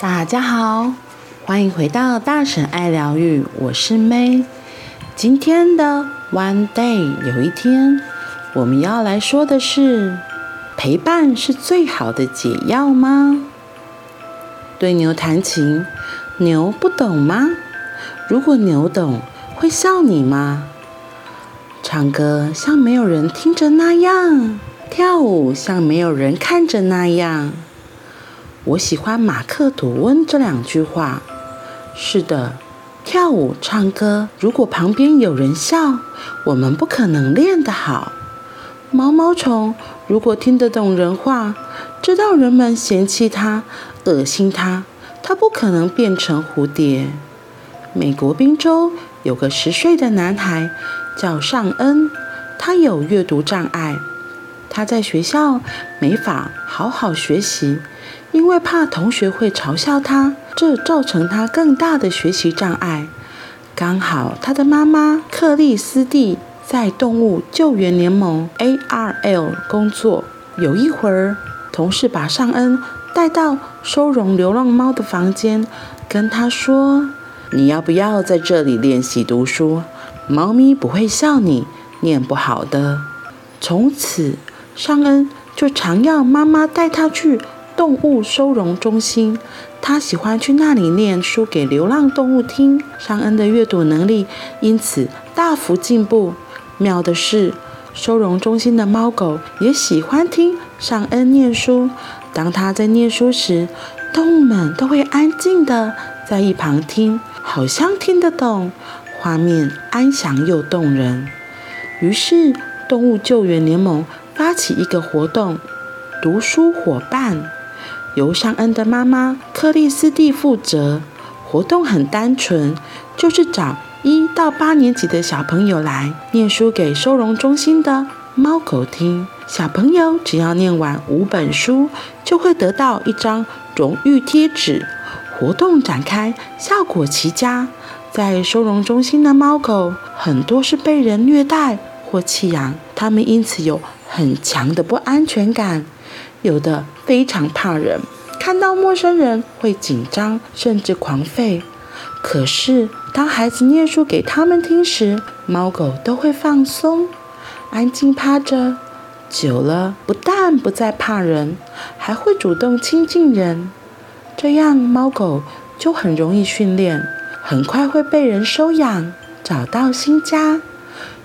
大家好，歡迎回到大神愛療癒，我是 May。今天的 One Day 有一天，我們要來說的是，陪伴是最好的解藥嗎？對牛彈琴，牛不懂嗎？如果牛懂，會笑你嗎？唱歌像沒有人聽着那樣，跳舞像沒有人看着那樣。我喜歡馬克吐溫這兩句話。是的，跳舞、唱歌，如果旁邊有人笑，我們不可能練得好。毛毛蟲如果聽得懂人話，知道人們嫌棄它、噁心它，它不可能變成蝴蝶。美國賓州有個十歲的男孩叫尚恩，他有閱讀障礙，他在學校沒法好好學習。因為怕同學會嘲笑他，這造成他更大的學習障礙。剛好他的媽媽克里斯蒂在動物救援聯盟 ARL 工作。有一會兒，同事把尚恩帶到收容流浪貓的房間，跟他說：“你要不要在這裡練習讀書？貓咪不會笑你，念不好的。”從此，尚恩就常要媽媽帶他去。動物收容中心，他喜歡去那裡念書給流浪動物聽。尚恩的閱讀能力因此大幅進步。妙的是，收容中心的貓狗也喜歡聽尚恩念書。當他在念書時，動物們都會安靜地在一旁聽，好像聽得懂。畫面安詳又動人。於是，動物救援聯盟發起一個活動：讀書夥伴。由尚恩的媽媽克里斯蒂負責，活動很單純，就是找一到八年級的小朋友來念書給收容中心的貓狗聽。小朋友只要念完五本書，就會得到一張榮譽貼紙。活動展開效果奇佳。在收容中心的貓狗很多是被人虐待或棄養，它們因此有很強的不安全感。有的非常怕人，看到陌生人會緊張，甚至狂吠。可是，當孩子念書給他們聽時，貓狗都會放鬆，安靜趴着。久了，不但不再怕人，還會主動親近人。這樣，貓狗就很容易訓練，很快會被人收養，找到新家。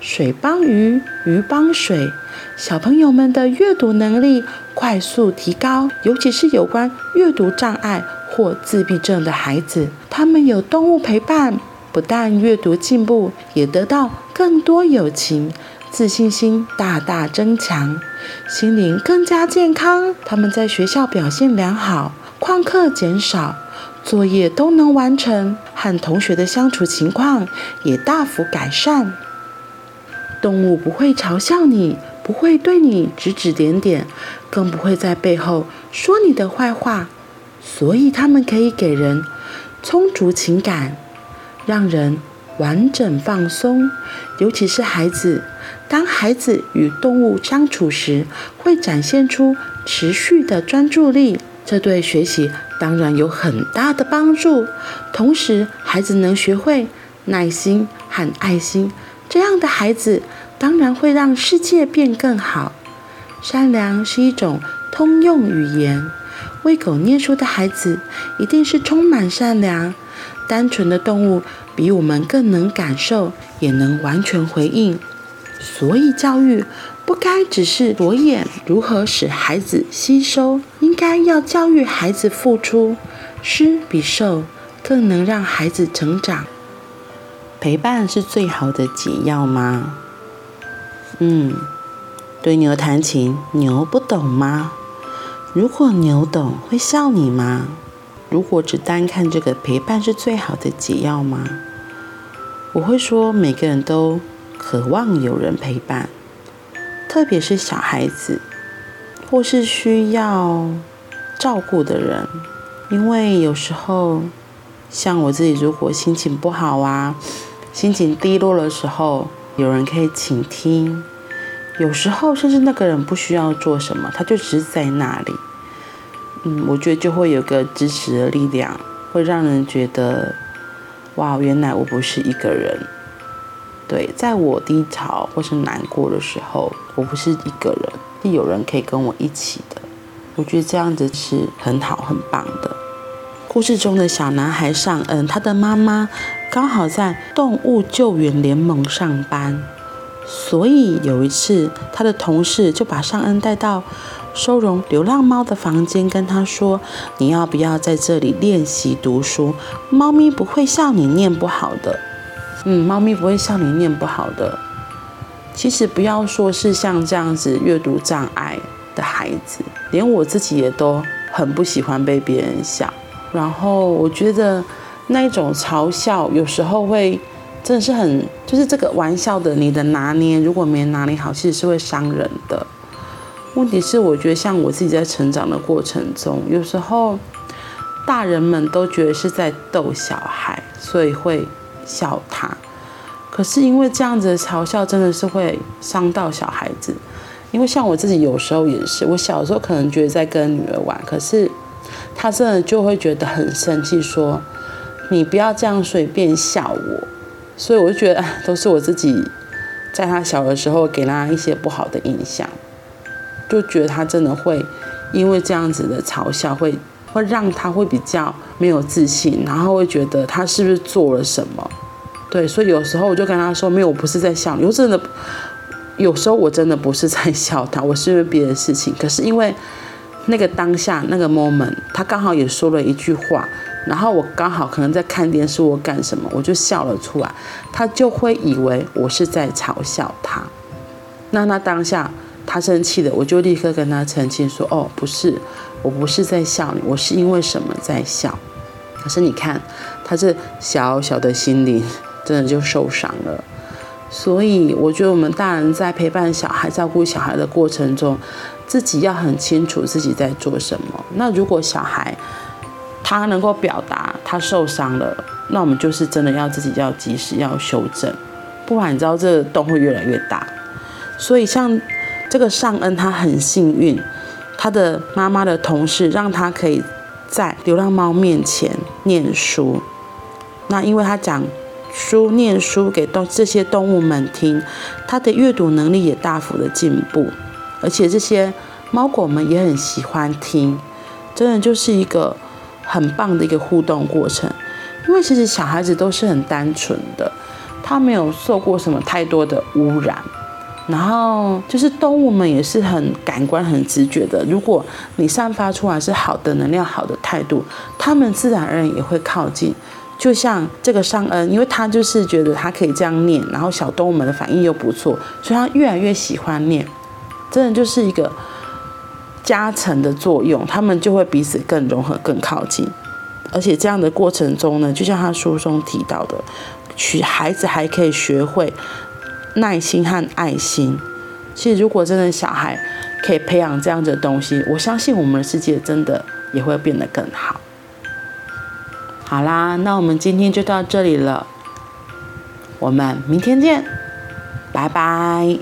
水幫魚，魚幫水，小朋友們的閱讀能力快速提高，尤其是有關閱讀障礙或自閉症的孩子，他們有動物陪伴，不但閱讀進步，也得到更多友情，自信心大大增強，心靈更加健康。他們在學校表現良好，曠課減少，作業都能完成，和同學的相處情況也大幅改善。動物不會嘲笑你，不會對你指指點點，更不會在背後說你的壞話，所以它們可以給人充足情感，讓人完整放鬆。尤其是孩子，當孩子與動物相處時，會展現出持續的專注力，這對學習當然有很大的幫助。同時，孩子能學會耐心和愛心，這樣的孩子。當然會讓世界變更好。善良是一種通用語言。餵狗唸書的孩子一定是充滿善良、單純的動物，比我們更能感受，也能完全回應。所以教育不該只是着眼如何使孩子吸收，應該要教育孩子付出。施比受更能讓孩子成長。陪伴是最好的解藥嗎？嗯，對牛彈琴，牛不懂嗎？如果牛懂，會笑你嗎？如果只單看這個，陪伴是最好的解藥嗎？我會說，每個人都渴望有人陪伴，特別是小孩子，或是需要照顧的人，因為有時候，像我自己，如果心情不好啊，心情低落的時候。有人可以傾聽，有時候甚至那個人不需要做什麼，他就只是在那裡。嗯，我覺得就會有個支持的力量，會讓人覺得，哇，原來我不是一個人。對，在我低潮或是難過的時候，我不是一個人，是有人可以跟我一起的。我覺得這樣子是很好、很棒的。故事中的小男孩上，嗯、呃，他的媽媽。剛好在動物救援聯盟上班，所以有一次，他的同事就把尚恩帶到收容流浪貓的房間，跟他說：“你要不要在這裡練習讀書？貓咪不會笑你念不好的。”嗯，貓咪不會笑你念不好的。其實不要說是像這樣子閱讀障礙的孩子，連我自己也都很不喜歡被別人笑。然後我覺得。那一種嘲笑有時候會真的是很，就是這個玩笑的你的拿捏，如果沒拿捏好，其實是會傷人的。問題是，我覺得像我自己在成長的過程中，有時候大人們都覺得是在逗小孩，所以會笑他。可是因為這樣子的嘲笑，真的是會傷到小孩子。因為像我自己有時候也是，我小時候可能覺得在跟女兒玩，可是她真的就會覺得很生氣，說。你不要這樣隨便笑我，所以我就覺得都是我自己，在他小的時候給他一些不好的印象，就覺得他真的會因為這樣子的嘲笑會會讓他會比較沒有自信，然後會覺得他是不是做了什麼？對，所以有時候我就跟他說：“沒有，我不是在笑你，我真的有時候我真的不是在笑他，我是因為別的事情。”可是因為那個當下那個 moment，他剛好也說了一句話。然後我剛好可能在看電視，我幹什麼，我就笑了出來，他就會以為我是在嘲笑他，那那當下他生氣的，我就立刻跟他澄清說，哦，不是，我不是在笑你，我是因為什麼在笑。可是你看，他這小小的心靈，真的就受傷了。所以我覺得我們大人在陪伴小孩、照顧小孩的過程中，自己要很清楚自己在做什麼。那如果小孩，他能夠表達，他受傷了，那我們就是真的要自己要及時要修正，不然你知道這個洞會越來越大。所以像這個尚恩，他很幸運，他的媽媽的同事讓他可以在流浪貓面前念書。那因為他講書、念書給動這些動物們聽，他的閱讀能力也大幅的進步，而且這些貓狗們也很喜歡聽，真的就是一個。很棒的一個互動過程，因為其實小孩子都是很單純的，他沒有受過什麼太多的污染，然後就是動物們也是很感官很直覺的。如果你散發出來是好的能量、好的態度，他們自然而然也會靠近。就像這個尚恩，因為他就是覺得他可以這樣念，然後小動物們的反應又不錯，所以他越來越喜歡念，真的就是一個。加成的作用，他們就會彼此更融合、更靠近，而且這樣的過程中呢，就像他書中提到的，孩子還可以學會耐心和愛心。其實，如果真的小孩可以培養這樣的東西，我相信我們的世界真的也會變得更好。好啦，那我們今天就到這裡了，我們明天見，拜拜。